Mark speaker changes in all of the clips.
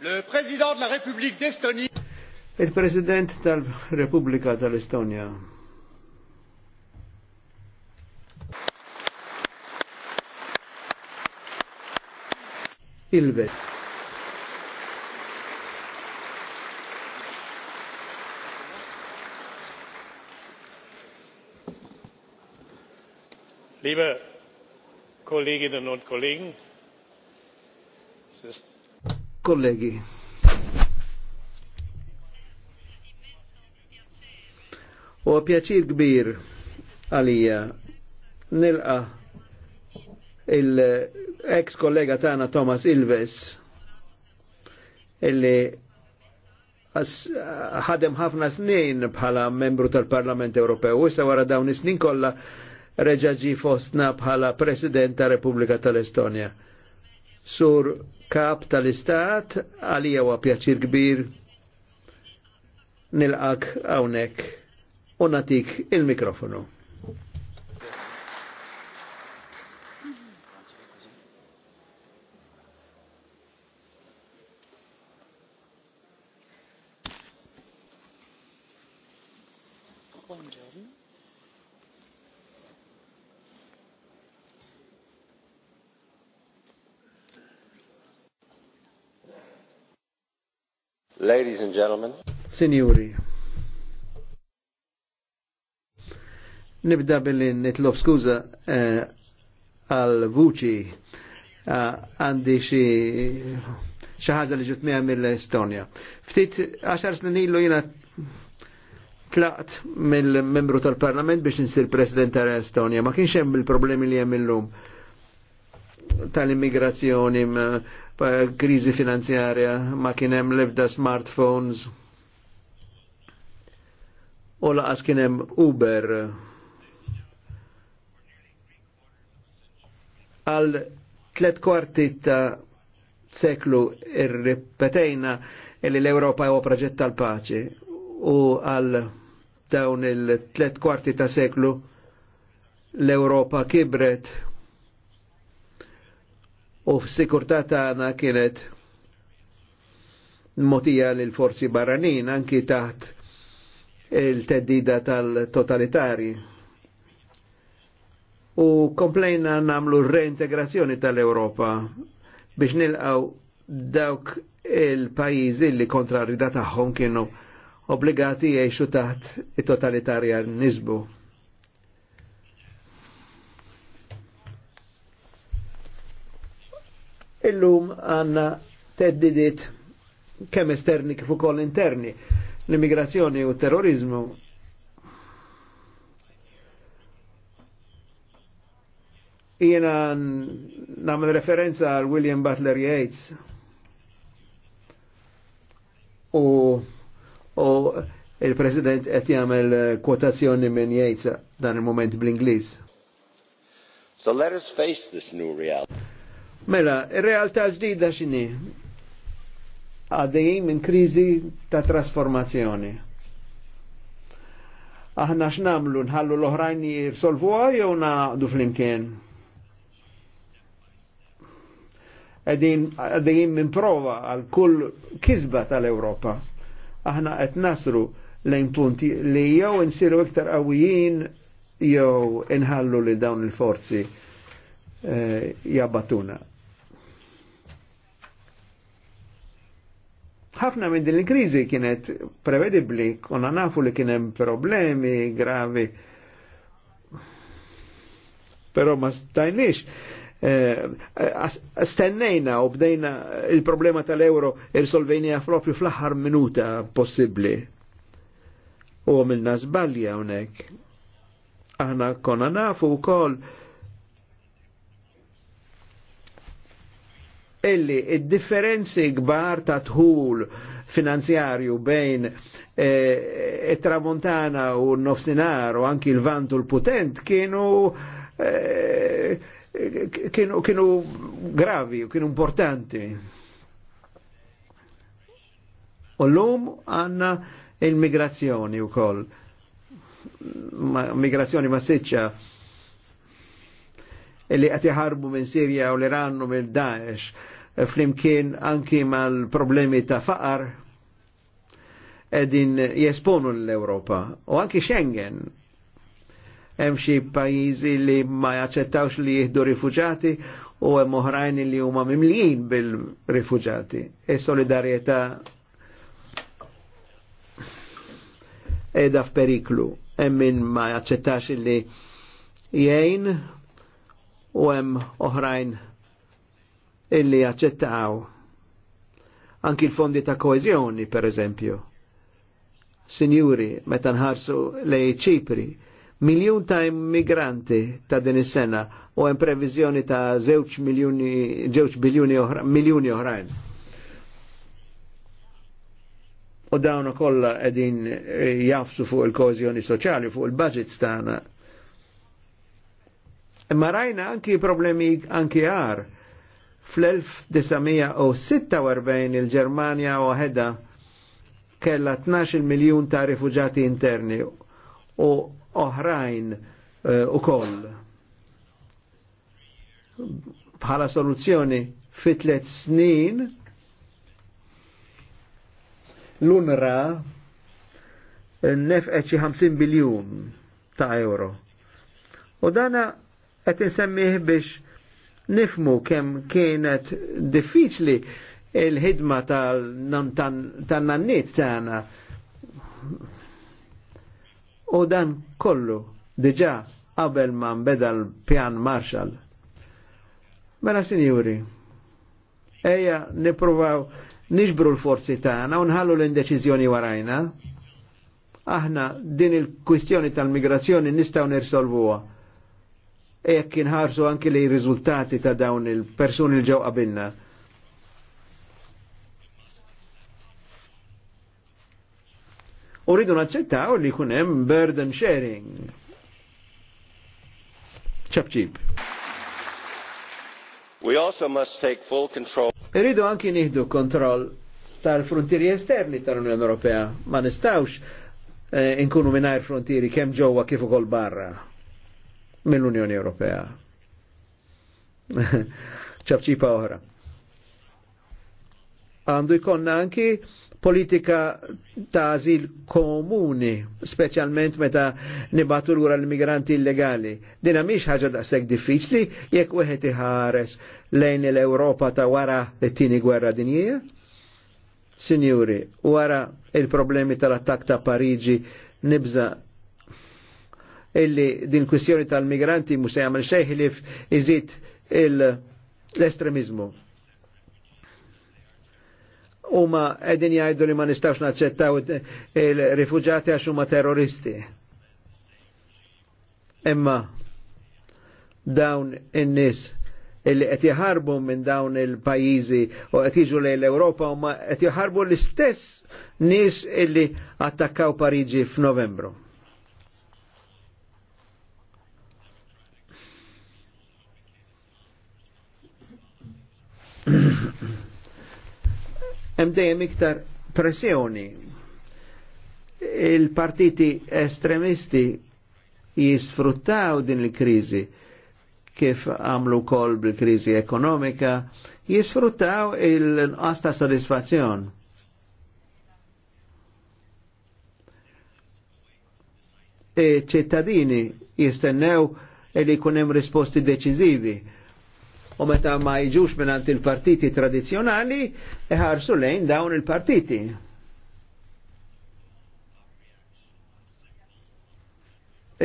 Speaker 1: Il-President de la République d'Estonie. Il-President tal-Repubblika tal-Estonja. Ilvet. Liebe Kolleginnen und Kollegen, es ist Kollegi, u pjaċir kbir għalija nilqa il-ex kollega tana Thomas Ilves illi ħadem ħafna snin bħala membru tal-Parlament Ewropew u issa wara dawn is-snin kollha reġaġi fostna bħala President ta' Repubblika tal-Estonja sur kap tal-istat, għalija huwa pjaċir kbir nilqak hawnhekk u natik il-mikrofonu. gentlemen. Signori. Nibda billi nitlob skuza eh, għal eh, vuċi għandi xi xi ħaġa li ġut miha mill-Estonja. Ftit 10 snin ilu jiena tlaqt mill-membru tal-Parlament biex insir President tal-Estonja. Ma kienx hemm il-problemi li hemm illum tal-immigrazzjoni krizi finanzjarja, ma kienem lebda smartphones u laqas kienem Uber għal tlet kwarti ta' seklu irripetejna li l-Europa huwa proġett tal-paċi u għal dawn il-tlet kwarti ta' seklu l-Europa kibret u f-sikurtà tagħna kienet motija lil forzi barranin anki taħt il-teddida tal-totalitari. U komplejna namlu reintegrazzjoni tal-Europa biex nilqaw dawk il-pajizi li kontra rida tagħhom kienu obbligati jgħixu taħt it-totalitarja nizbu. Illum għanna teddidit kemm esterni kif ukoll interni, l-immigrazzjoni u terrorizmu. Jiena nagħmel referenza għal William Butler Yeats u, u il-President qed jagħmel kwotazzjoni minn Yeats dan il-moment bl-Ingliż. So let us face this new reality. Mela, realtà ġdida xini? Għaddejjin minn krizi ta' trasformazzjoni. Aħna x'namlu nħallu l-oħrajn jirsolvuha jew naqdu flimkien. Għaddejjin minn prova għal kull kisba tal-Ewropa. Aħna qed nasru lejn punti li jew insiru iktar qawwijin jew inħallu li dawn il-forzi e, eh, jabbatuna. ħafna minn din il-kriżi kienet prevedibbli, konna nafu li kien hemm problemi gravi. Però ma stajniex. Eh, stennejna u bdejna il-problema tal-euro irsolvenija propju fl-aħħar minuta possibbli. U għamilna zbalja unek. Aħna konna nafu u koll illi il differenzi gbar ta' tħul finanzjarju bejn eh, it-tramontana e, u n-nofsinar u anki l vantu l potent kienu e, kienu, kienu gravi u kienu importanti. U l-lum għanna il-migrazzjoni u koll. Ma, migrazzjoni ma illi għati ħarbu minn Sirja u l-Iran u minn Daesh flimkien anki mal-problemi ta' faqar edin jesponu l-Europa u anki Schengen hemm xi pajjiżi li ma jaċċettawx li jihdu rifugjati u hemm oħrajn li huma mimlijin bil rifugjati Is-solidarjetà e edha f'periklu. Hemm min ma jaċċettax li jgħin u hemm oħrajn illi jaċċettaw. anki l-fondi ta' koezjoni, per eżempju. Sinjuri, meta nħarsu lej ċipri, miljun ta' immigranti ta' din is-sena u hemm previżjoni ta' żewġ miljuni żewġ biljuni oħra miljuni oħrajn. U dawn kollha qegħdin eh, jafsu fuq il-kożjoni soċjali, fuq il-budget tagħna. Imma rajna anki problemi anki għar Fl-1946 il-Ġermanja waħedha kella 12 miljun ta' rifugjati interni u oħrajn eh, u koll. Bħala soluzzjoni fit snin l-UNRA nefqet xi 50 biljun ta' euro. U dana qed insemmih biex nifmu kemm kienet diffiċli il-ħidma tal-nannit tagħna. U dan kollu diġà qabel ma nbeda l-pjan Marshall. Mela sinjuri, eja nipruvaw nixbru l-forzi tagħna u nħallu l-indeċiżjoni warajna. Aħna din il-kwistjoni tal-migrazzjoni nistgħu nirsolvuha E jekk inħarsu anki li riżultati ta' dawn il-persuni li ġew qabilna. U rridu naċċettaw li jkun hemm burden sharing. ċabċib. We also must take full control. Irridu anki nieħdu kontroll tal-frontieri esterni tal-Unjoni Ewropea. Ma nistawx eh, inkunu mingħajr frontieri kemm ġewwa kif ukoll barra mill-Unjoni Ewropea. ċabċipa oħra. Għandu jkonna anki politika ta' azil komuni, specialment meta nibatu l-għura l-migranti illegali. Dina miex ħagġa sekk diffiċli jekk weħet iħares lejn l-Europa ta' wara it tini gwerra dinjija? Sinjuri, wara il-problemi tal-attak ta' Parigi nibza illi din kwistjoni tal-migranti mhux se jagħmel xejn ħlief iżid l-estremizmu. Huma qegħdin jgħidu li ma nistgħux naċċettaw il-rifuġati għax huma terroristi. Imma dawn in-nies illi qed jħarbu minn dawn il-pajjiżi u qed jiġu lejn l-Ewropa huma qed jħarbu l-istess nies illi attakkaw Pariġi f'Novembru. hemm dejjem iktar pressjoni. Il-partiti estremisti jisfruttaw din il-kriżi kif għamlu kol bil-kriżi ekonomika, jisfruttaw il-nqas ta' E ċittadini jistennew li kunem risposti deċizivi u meta ma jġux minnant il-partiti tradizjonali iħarsu lejn dawn il-partiti.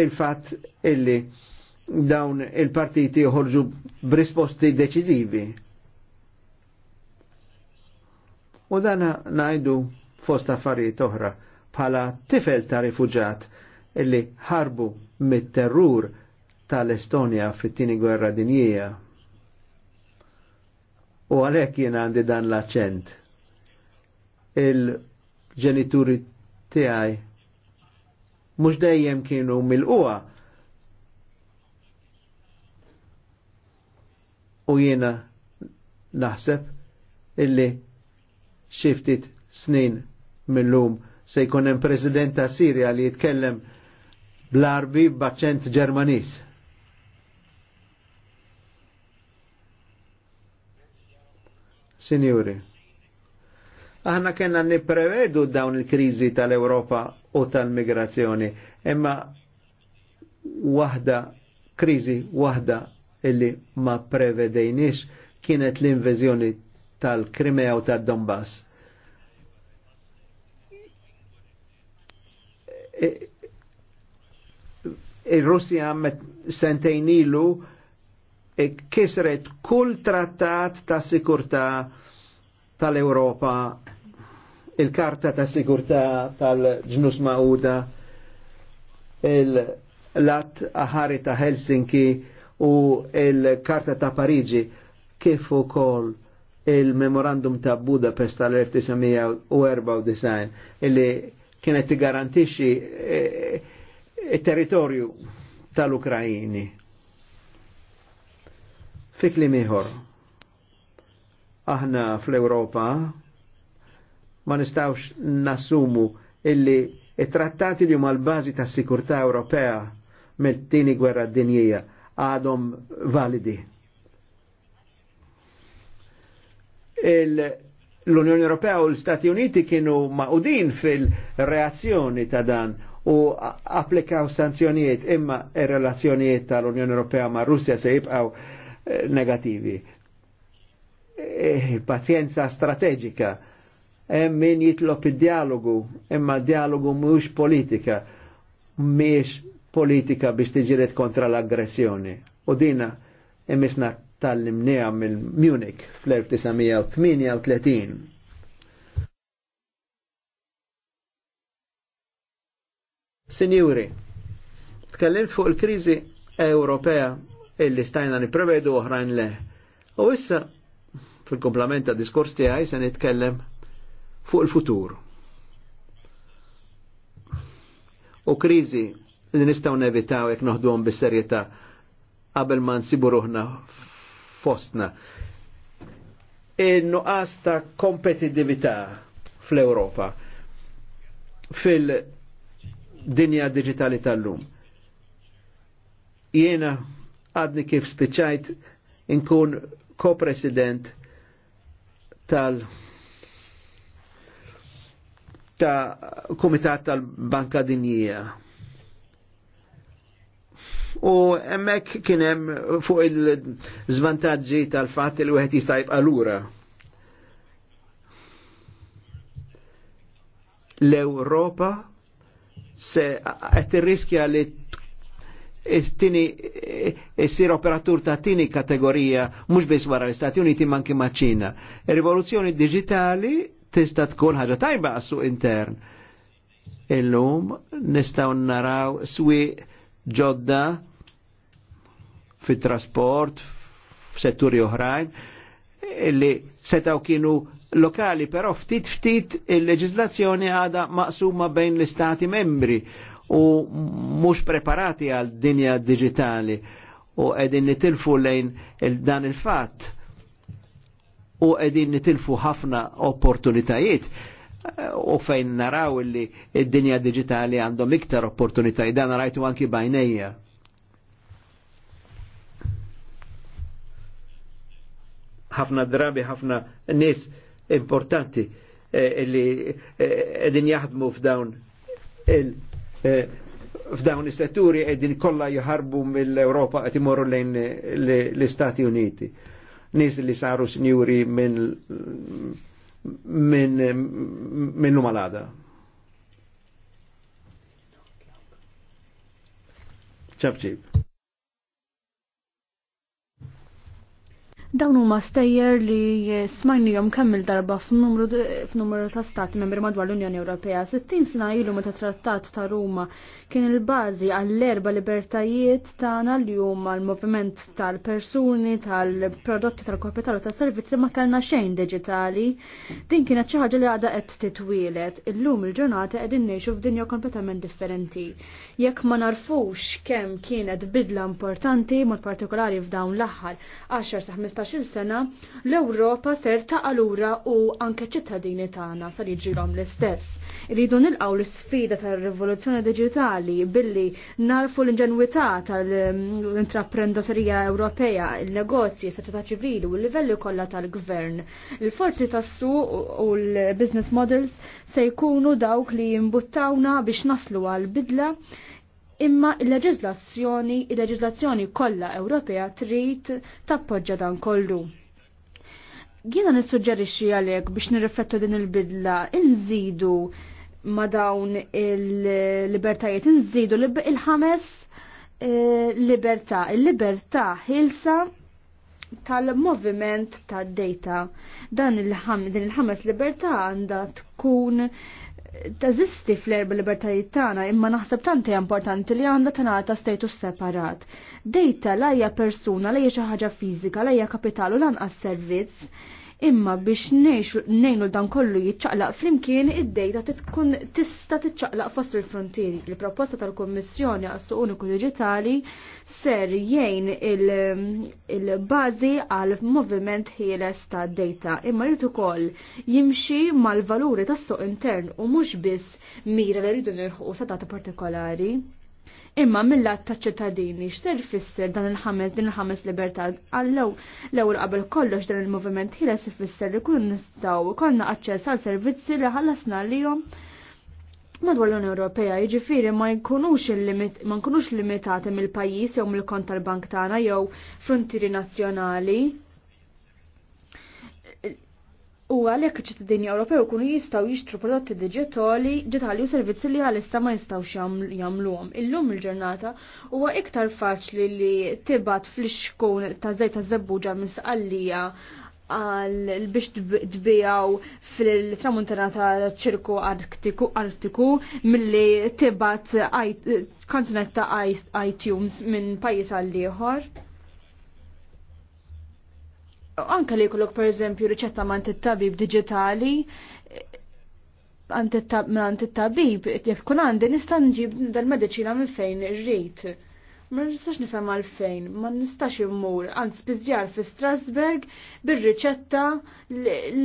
Speaker 1: Il-fat illi dawn il-partiti uħorġu b'risposti deċizivi. U dan najdu fost affarijiet oħra bħala tifel ta' rifugġat illi ħarbu mit-terrur tal-Estonja fit-tieni gwerra dinjija U għalhekk jien għandi dan l-aċċent. Il-ġenituri tiegħi mhux dejjem kienu mill-qwa u jiena naħseb illi xiftit snin mill-lum se jkun hemm president ta' Sirja li jitkellem bl-Arbi b'aċċent Ġermaniż. Signori, aħna kena niprevedu dawn il-krizi tal-Europa u tal-migrazzjoni, imma wahda, krizi wahda illi ma prevedejniex kienet l-invezjoni tal-Krimea u tal-Donbass. il russija għammet sentejn ilu E kisret kull trattat ta' sikurta tal-Europa, il-karta ta' sikurta tal-ġnus ma'uda, il-lat aħari ta' Helsinki u il-karta ta' Parigi kif ukoll il-memorandum ta' Budapest tal-1994 illi kienet garantixi eh, eh, il-territorju tal-Ukrajini Fi klim ieħor. Aħna fl-Ewropa ma nistawx nassumu illi it-trattati li huma l-bażi tas-sikurtà Ewropea mill-tieni gwerra dinjija għadhom validi. L-Unjoni Ewropea u l-Stati Uniti kienu maqudin fil-reazzjoni ta' dan u applikaw sanzjonijiet imma ir-relazzjonijiet tal-Unjoni Ewropea ma' Russja se jibqaw negativi. E, pazienza strategika, hemm min jitlob id-dialogu, imma dialogu mhux politika, mhix politika biex tiġiret kontra l-aggressjoni. U dina emisna tal-limnija minn munich fl-1938. Sinjuri, tkellimt fuq il-krizi Ewropea illi stajna niprevedu oħrajn le. U issa, fil-komplement ta' diskors tiegħi se nitkellem fuq il-futur. U kriżi li nistgħu nevitaw jekk noħduhom bis-serjetà qabel ma nsibu ruħna fostna. Il-nuqqas ta' kompetitività fl-Ewropa fil-dinja digitali tal-lum. Jena għadni kif spiċajt inkun ko-president tal- ta' Komitat tal-Banka Dinjija. U emmek kienem fuq il-zvantagġi tal-fat li wieħed jista' jibqa' lura. L-Ewropa se qed tirriskja li tini essir eh, operatur ta' tini kategorija mhux biss wara l-Istati Uniti manki ma' Ċina. Rivoluzzjoni digitali tista' tkun ħaġa tajba għassu intern. Illum nistgħu naraw swi ġodda fit-trasport, f'setturi oħrajn, illi setaw kienu lokali, però ftit ftit il-leġizlazzjoni għada maqsuma bejn l-istati membri u mhux preparati għal dinja digitali u qegħdin nitilfu lejn il dan il-fatt u qegħdin nitilfu ħafna opportunitajiet eh, u fejn naraw li id-dinja digitali għandhom iktar opportunitajiet dan rajtu anki bajnejja. ħafna drabi, ħafna nis importanti eh, illi edin eh, jaħdmu f'dawn il- E, f'dawn is-setturi qegħdin kollha jħarbu mill-Ewropa qed imorru lejn l-Istati Uniti. Nies li saru sinjuri minn minn minn malada. ċabċib.
Speaker 2: Dawn huma stejjer li smajnijom kemm il-darba f'numru ta' stati membri madwar l-Unjoni Ewropea. 60 sena ilu meta trattat ta' Ruma kien il-bażi għall-erba libertajiet tagħna li huma l-moviment tal-persuni, tal-prodotti, tal-kapitalu, tas-servizzi ma kellna xejn diġitali. Din kienet xi ħaġa li għadha qed titwielet. Illum il-ġurnata qegħdin ngħixu f'dinja kompletament differenti. Jekk ma narfux kemm kienet bidla importanti mod partikolari f'dawn l-aħħar 10 sa 15-il sena l-Ewropa ser għalura u anke ċittadini tagħna sar jiġilhom l-istess. Iridu nilqgħu l-isfida tar-rivoluzzjoni diġitali billi narfu l-inġenwità tal-intraprendoserija Ewropea, il-negozji, s-soċjetà ċivili u l-livelli kollha tal-gvern. Il-forzi tas su u l-business models se jkunu dawk li jimbuttawna biex naslu għal bidla Imma il-leġizlazzjoni, il-leġizlazzjoni kollha Ewropea trid tappoġġa dan kollu. Jiena nissuġġerixxi għalhekk biex nirriflettu din il-bidla, inżidu ma dawn il-libertajiet, inżidu il-ħames eh, libertà, il-libertà ħilsa tal-moviment tad-data. Dan il-ħames libertà għandha tkun Tazisti fl-erba libertajiet tagħna imma naħseb tanti importanti li għandha tingħata status separat. Dejta lajja persuna lejja xi ħaġa fiżika lajja kapitalu lanqas servizz imma biex nejnu dan kollu jitċaqlaq flimkien id-dejta tkun tista titċaqlaq fost il-frontieri. Il-proposta tal-Kommissjoni għas Uniku Digitali ser jgħin il-bazi għal moviment ħieles ta' dejta imma rritu koll jimxi mal-valuri tas-suq intern u mhux biss mira li rridu nirħu sa data partikolari imma mill-lat ta' ċittadini x'ser ifisser dan il-ħames din il-ħames libertà għallew l-ewwel qabel kollox dan il-moviment ħieles ifisser li kun nistgħu konna aċċess għal servizzi li ħallasna lihom madwar l-Unjoni Ewropea jiġifieri ma jkunux ma nkunux limitati mill-pajjiż jew mill-kont tal-bank tagħna jew frontieri nazzjonali. U għalhekk iċ-ċittadini Ewropew ikunu jistgħu jixtru prodotti digitali, ġitali u servizzi li għal-issa ma jistgħux jagħmluhom. Illum il-ġurnata huwa iktar faċli li tibat fl-ixkun ta' żejt ta' zebbuġa misqallija għal biex tbijaw fil-tramuntana ta' ċirku artiku milli tibat kanzunetta iTunes minn pajis għal ieħor anka li jkollok pereżempju riċetta ma' tabib diġitali mant it-tabib jekk kun għandi nista' nġib dal-mediċina minn fejn irrid. Ma nistax nifhem għalfejn, ma nistax immur, għand spiżjar fi Strasberg bir-riċetta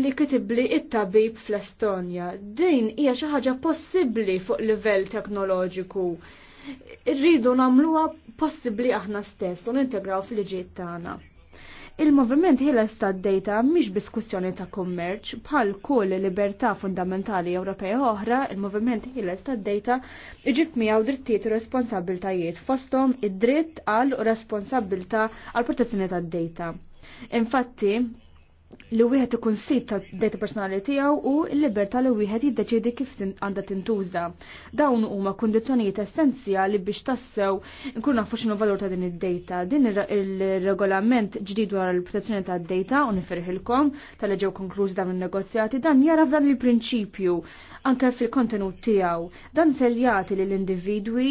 Speaker 2: li kitibli it-tabib fl-Estonja. Din hija xi ħaġa possibbli fuq livell teknoloġiku. Irridu nagħmluha possibbli aħna stess u nintegraw fil-ġiet tagħna. Il-moviment ħiles tad-dejta mhix diskussjoni ta' kummerċ, bħal kull libertà fundamentali Ewropea oħra, il-moviment ħiles tad-dejta iġib miegħu drittijiet u responsabiltajiet fosthom id-dritt għal u responsabilità għal protezzjoni tad-dejta. Infatti, li wieħed ikun sit tad-data personali tiegħu u l-libertà li wieħed jiddeċiedi kif għandha tintuża. Dawn huma kundizzjonijiet essenzjali biex tassew nkun nafu x'inhu valur ta' din id-data. Din ir-regolament ġdid wara l-protezzjoni tad-data u nifirħilkom tal ġew konkluż dawn in-negozjati dan jara f'dan il-prinċipju anke fil-kontenut tiegħu. Dan ser jagħti lill-individwi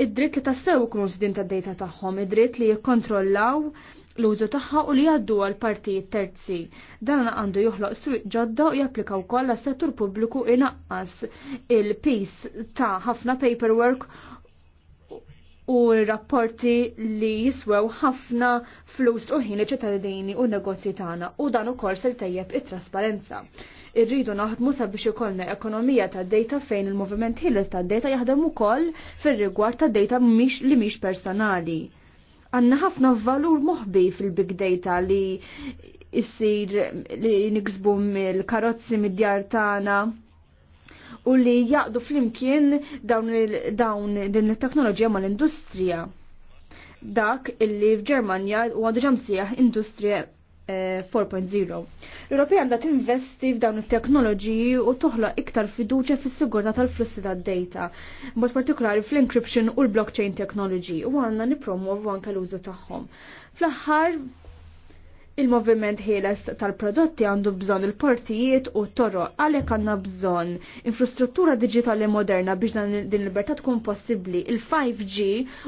Speaker 2: id-dritt li tassew ikunu sidin tad-data tagħhom, id-dritt li jikkontrollaw l-użu tagħha u li jgħaddu għal partijiet terzi. Dan għandu joħloq suq ġodda u japplika wkoll għas-settur pubbliku inaqqas il-pis ta' ħafna paperwork u rapporti li jiswew ħafna flus u ħin ċittadini u negozji tagħna u dan ukoll se tejjeb it-trasparenza. Irridu naħdmu sabiex ikollna ekonomija ta' data fejn il-moviment ħieles ta' data jaħdem ukoll fir-rigward ta' data li mhix personali għanna ħafna valur moħbi fil-big data li jissir li niksbu mill-karozzi mid-djar tagħna u li jaqdu flimkien dawn, dawn din it-teknoloġija mal-industrija. Dak illi f'Ġermanja huwa diġà msejjaħ industrija 4.0. Eh, L-Ewropea għandha tinvesti f'dawn it-teknoloġiji u toħloq iktar fiduċja fis-sigurtà tal-flussi tad-data, mod partikolari fl-encryption u l-blockchain technology u għandna nippromovu anke l-użu tagħhom. Fl-aħħar Il-moviment ħieles tal-prodotti għandu bżonn il-portijiet u t-toro għalhekk għandna bżonn infrastruttura digitali moderna biex dan din libertà tkun possibbli. Il-5G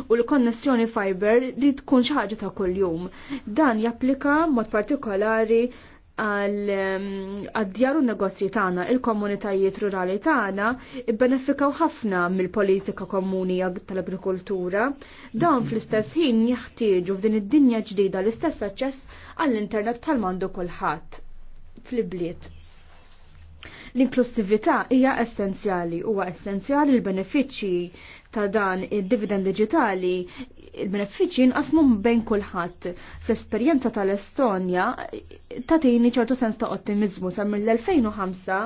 Speaker 2: u l-konnessjoni fiber li tkun xi ħaġa ta' kuljum. Dan japplika mod partikolari għal ehm, djaru u negozji tagħna il-komunitajiet rurali tagħna ibbenefikaw ħafna mill-politika komuni tal-agrikoltura. Dawn mhm. fl-istess ħin jaħtieġu f'din id-dinja ġdida l-istess aċċess għall-internet bħal mandu kulħadd fl-ibliet. L-inklusività hija essenzjali huwa essenzjali l-benefiċċji ta' dan id-dividend digitali il-benefiċi nqasmu bejn kulħadd. Fl-esperjenza tal-Estonja tagħtini ċertu sens ta' ottimiżmu sa mill-2005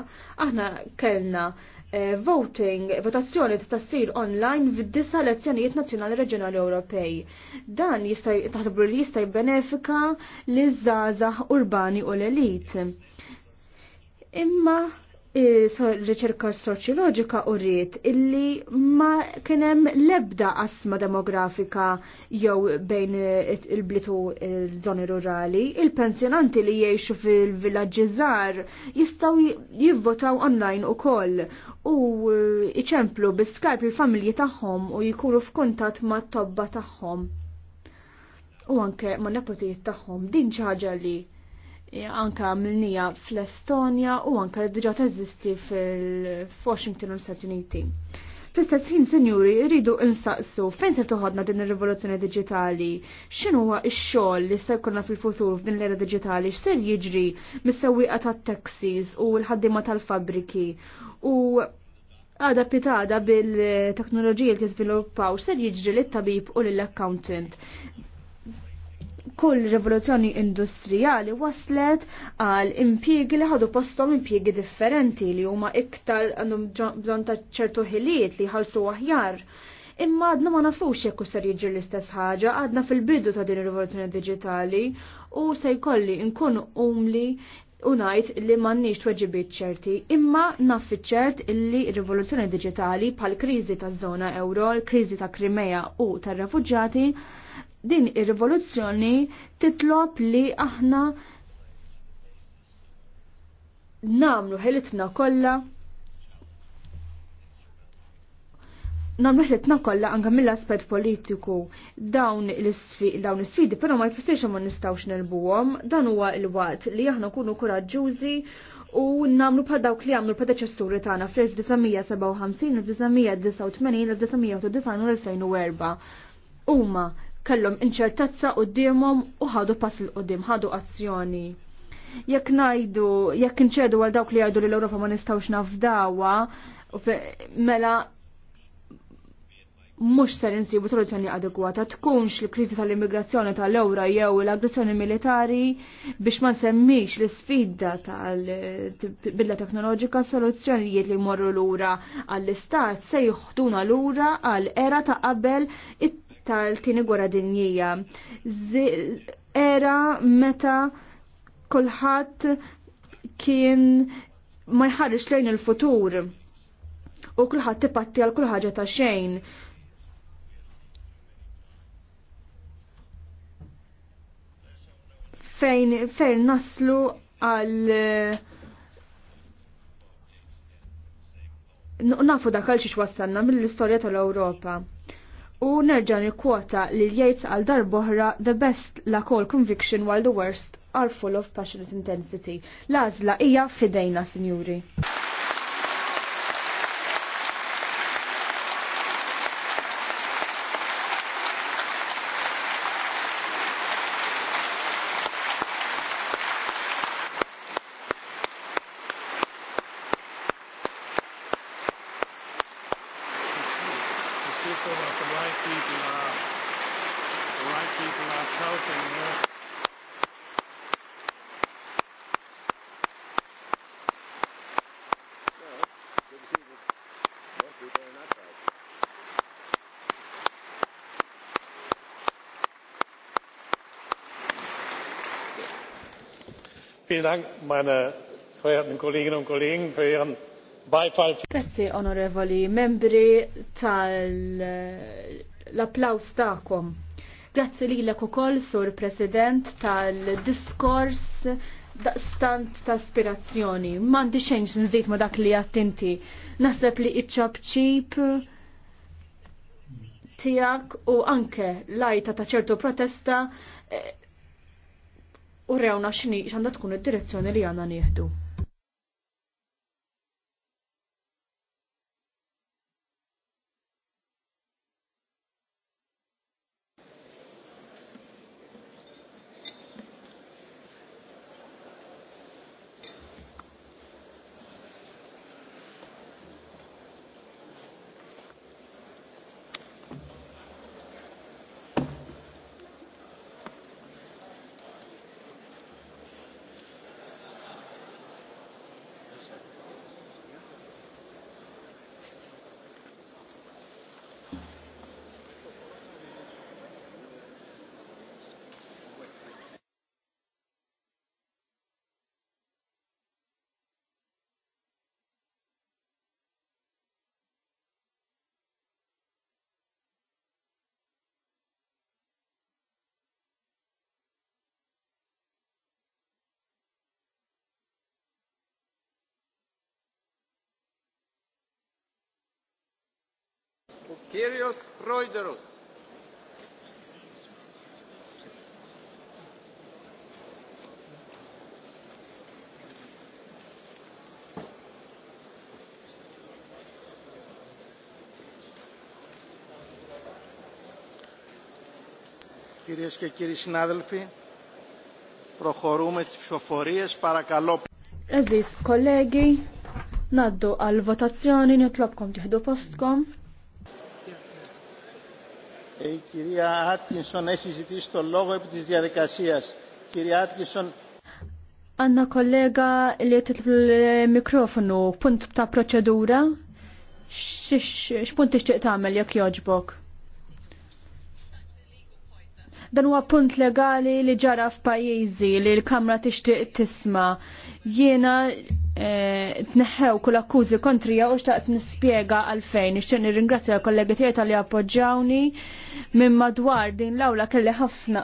Speaker 2: aħna kellna eh, voting, votazzjoni ta' ssir online fid-disa elezzjonijiet nazzjonali reġjonali Ewropej. Dan jista' taħsbu li jista' jibbenefika li żgħażagħ urbani u l-elit. Imma E, riċerka soċjoloġika u rrit illi ma kienem lebda asma demografika jew bejn il-blitu il-żoni rurali, il-pensjonanti li jiexu fil-villaġġi żgħar jistgħu jivvotaw online u koll e, u iċemplu bis-Skype il-familji tagħhom u jkunu f'kuntat mat tobba tagħhom. U anke ma' nepotijiet tagħhom din ħaġa li E, anka għamilnija fl-Estonja u anka diġa teżisti fil-Washington u l-Stati Uniti. Fl-istess ħin, sinjuri, rridu insaqsu fejn se toħodna din ir-rivoluzzjoni diġitali, x'inhu huwa x-xogħol li se jkollna fil-futur f'din l-era diġitali, x'ser jiġri mis-sewwieqa tat-taxis u l-ħaddiema tal-fabriki u għada pitada bil-teknoloġija li t x'ser ser jiġri l-tabib u l-accountant kull rivoluzzjoni industrijali waslet għal impjiegi li ħadu postom impjiegi differenti li huma iktar għandhom bżonn ta' ċertu ħiliet li ħalsu aħjar. Imma għadna ma nafux jekk ser jiġri l-istess ħaġa, għadna fil-bidu ta' din ir-rivoluzzjoni diġitali u se jkolli nkun umli u ngħid li m'għandniex tweġibiet ċerti, imma naf ċert illi r-rivoluzzjoni diġitali bħal kriżi taż-żona euro, l-kriżi ta' Krimea u tar-refuġġati din ir-rivoluzzjoni titlob li aħna namlu ħelitna kollha namlu ħelitna kollha anke mill-aspett politiku dawn l-sfidi, però ma jfissirx ma nistgħux nelbuhom, dan huwa l wat li aħna nkunu kuraġġużi u namlu bħal dawk li għamlu predeċessuri tagħna fl-1957, 1989, 1998 u 2004. Huma kellhom inċertezza qudiemhom u ħadu pass il qudiem ħadu azzjoni. Jekk ngħidu, jekk inċedu għal dawk li jgħidu li l-Ewropa ma nistgħux nafdawa, mela mux ser insibu soluzzjoni adegwata tkunx l-kriżi tal-immigrazzjoni tal-ewra jew l-aggressjoni militari biex ma nsemmix l-sfida tal billa teknoloġika soluzzjonijiet li morru lura għall-istat se jieħduna lura għall-era ta' qabel it tal-tini gwara dinjija. Era meta kolħat kien ma jħarix lejn il-futur u kulħadd tipatti għal kull ħaġa ta' xejn. Fejn fejn naslu għal nafu dak għal xiex wassalna mill-istorja tal-Ewropa u nerġa' nikkwota l-jajt għal darboħra the best la call conviction while the worst are full of passionate intensity. L-għażla hija fidejna, sinjuri.
Speaker 1: people are, the right people are shouting here. Vielen Dank, meine verehrten Kolleginnen und Kollegen, für Ihren Beifall.
Speaker 2: Grazie, onorevoli membri tal l applaus ta'kom. Grazzi li l ukoll, Sur President, tal-diskors daqstant ta' aspirazzjoni. Mandi xejn nżid ma' dak li għattinti. Naseb li iċċab ċip tijak u anke lajta ta' ċertu protesta eh, u rewna xni xanda tkun id-direzzjoni li għanna nieħdu.
Speaker 1: Kyrios Proiderus. Κυρίες και κύριοι συνάδελφοι, προχωρούμε στις ψηφοφορίες. Παρακαλώ.
Speaker 2: Eżis, kollegi, naddu għal votazzjoni nitlobkom tiħdu postkom.
Speaker 1: Η κυρία Άτκινσον έχει ζητήσει το λόγο επί της διαδικασίας. Κυρία Άτκινσον.
Speaker 2: Għanna kollega li titlu l-mikrofonu, punt ta' proċedura, x'punt tixtieq tagħmel jekk jogħġbok? Dan huwa punt legali li ġara f'pajjiżi li l-Kamra tixtieq tisma'. Jiena Eh, tneħħew kull akkużi kontri u xtaqt nispjega għalfejn. Ixtieq nirringrazzja l-kollegi tiegħi tal-li appoġġjawni minn madwar din l-awla kelli ħafna